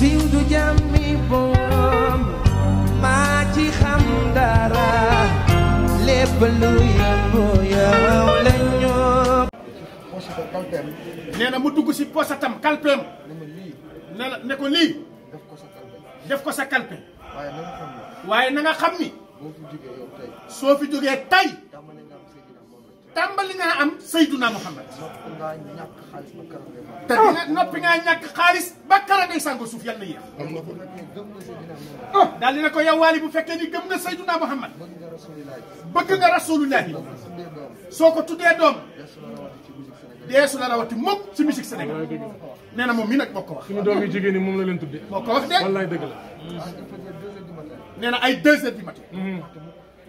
siiw du jàmmi boom maa ci xam dara lépp lu yëngu yow la ñoo na mu dugg si posatam kalpeem ne la ne ko lii def ko sa kalpe waaye na nga xam ni soo fi jógee tay tàmbali ngaa am Seydina Muhammad te di nga noppi ngaa ñàkk xaalis ba kara ngay sàngo suuf yàlla yéex oh, daal di ne ko yow Waly bu fekkee ni gëm nga Seydina Muhammad bëgg nga rasulullahi soo ko tuddee doom deesu la rawati mukk ci musique Sénégal nee na moom mii nag moo ko wax suñu doom moom la leen tuddee moo ko wax de wallaay dëgg la nee ay deux heures du matin mm-hmm.